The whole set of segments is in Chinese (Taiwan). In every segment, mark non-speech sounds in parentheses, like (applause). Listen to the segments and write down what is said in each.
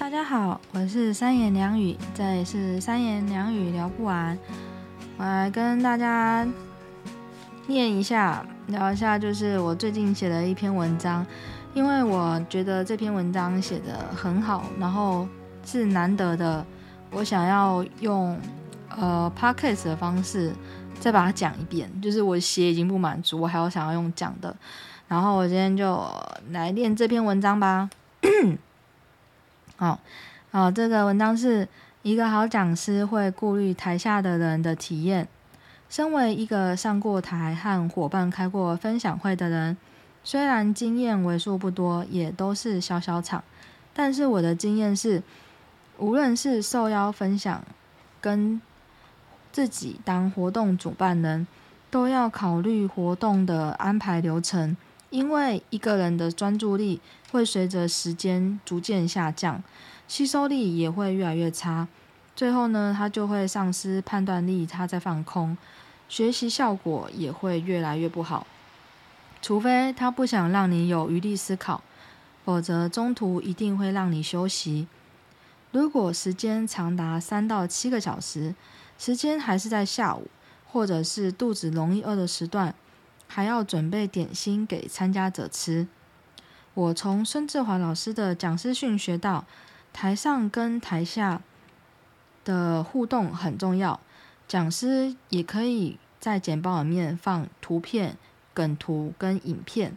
大家好，我是三妍良語，這也是三妍良語聊不完。我來跟大家念一下，聊一下，就是我最近寫的一篇文章，因為我覺得這篇文章寫得很好，然後是難得的，我想要用呃 podcast 的方式再把它講一遍，就是我寫已經不滿足，我還要想要用講的。然後我今天就來念這篇文章吧。 (coughs) 好好，哦哦，這個文章是一個好講師會顧慮台下的人的體驗。身為一個上過台和夥伴開過分享會的人，雖然經驗為數不多，也都是小小場，但是我的經驗是，無論是受邀分享，跟自己當活動主辦人，都要考慮活動的安排流程。因為一個人的專注力會隨着時間逐漸下降，吸收力也會越來越差，最後呢，他就會喪失判斷力，他在放空，學習效果也會越來越不好。除非他不想讓你有餘力思考，否則中途一定會讓你休息。如果時間長達三到七個小時，時間還是在下午，或者是肚子容易餓的時段，還要準備點心給參加者吃。我從孫志華老師的講師訓學到，台上跟台下的互動很重要。講師也可以在簡報裡面放圖片、梗圖跟影片。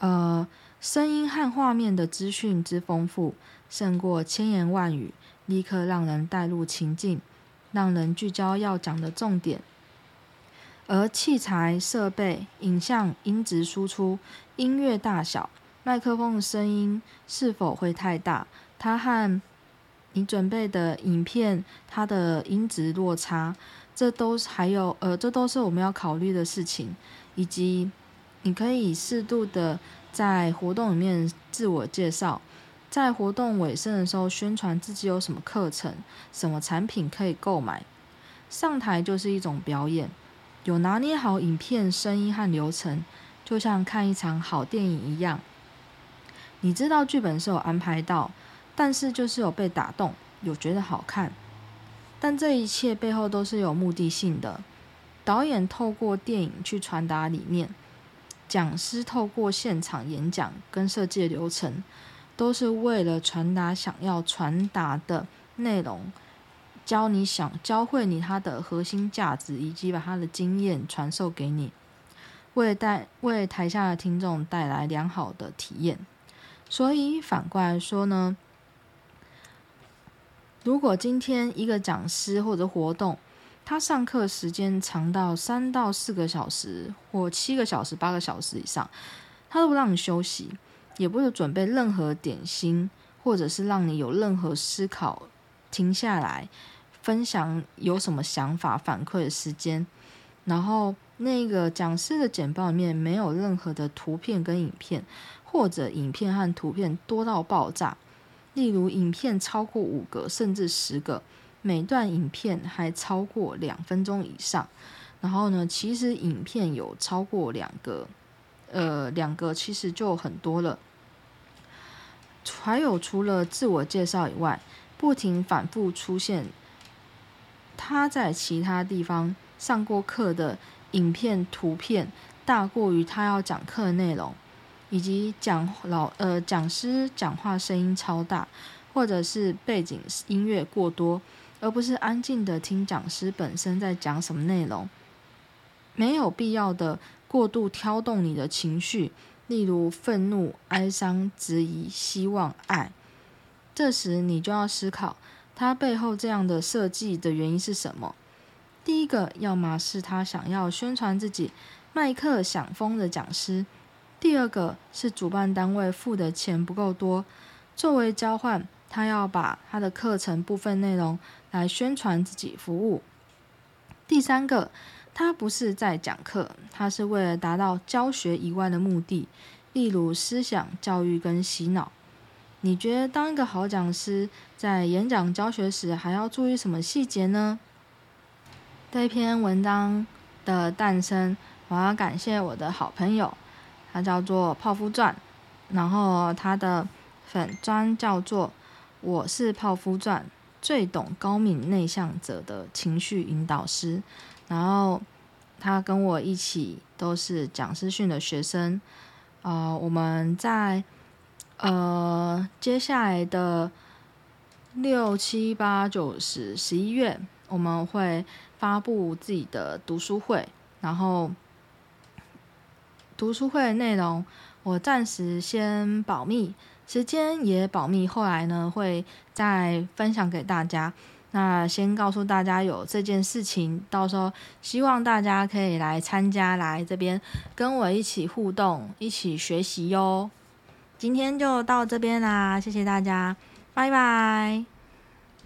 呃，聲音和畫面的資訊之豐富，勝過千言萬語，立刻讓人帶入情境，讓人聚焦要講的重點。而器材、設備、影像、音質輸出、音樂大小、麥克風的聲音是否會太大？它和你準備的影片，它的音質落差，這都是還有呃，這都是我們要考慮的事情。以及你可以適度的在活動裡面自我介紹，在活動尾聲的時候宣傳自己有什麼課程、什麼產品可以購買。上台就是一種表演。有拿捏好影片聲音和流程，就像看一場好電影一樣。你知道劇本是有安排到，但是就是有被打動，有覺得好看。但這一切背後都是有目的性的。導演透過電影去傳達理念，講師透過現場演講跟設計流程，都是為了傳達想要傳達的內容。教你想教會你他的核心價值，以及把他的經驗傳授給你，為帶為台下的聽眾帶來良好的體驗。所以反過來說呢，如果今天一個講師或者活動，他上課時間長到三到四個小時或七個小時，八個小時以上，他都不讓你休息，也不準備任何點心，或者是讓你有任何思考停下來。分享有什麼想法反饋的時間，然後那個講師的簡報裡面沒有任何的圖片跟影片，或者影片和圖片多到爆炸，例如影片超過五個甚至十個，每段影片還超過兩分鐘以上。然後呢，其實影片有超過兩個，呃，兩個其實就很多了。還有除了自我介紹以外，不停反覆出現，他在其他地方上過課的影片、圖片大過於他要講課的內容，以及講老呃講師講話聲音超大，或者是背景音樂過多，而不是安靜的聽講師本身在講什麼內容。沒有必要的過度挑動你的情緒，例如憤怒、哀傷、質疑、希望、愛。這時你就要思考。他背後這樣的設計的原因是什麼？第一個，要麼是他想要宣傳自己，賣課想瘋的講師；第二個是主辦單位付的錢不夠多，作為交換，他要把他的課程部分內容來宣傳自己服務；第三個，他不是在講課，他是為了達到教學以外的目的，例如思想教育跟洗腦。你覺得當一個好講師，在演講教學時還要注意什麼細節呢？這篇文章的誕生，我要感謝我的好朋友，他叫做泡芙傳，然後他的粉專叫做我是泡芙傳，最懂高敏內向者的情緒引導師。然後他跟我一起都是講師訓的學生，呃，我們在。呃，接下來的六、七、八、九、十、十一月，我們會發布自己的讀書會，然後讀書會內容我暫時先保密，時間也保密，後來呢會再分享給大家。那先告訴大家有這件事情，到時候希望大家可以來參加，來這邊跟我一起互動，一起學習喲。今天就到這邊啦，謝謝大家，拜拜。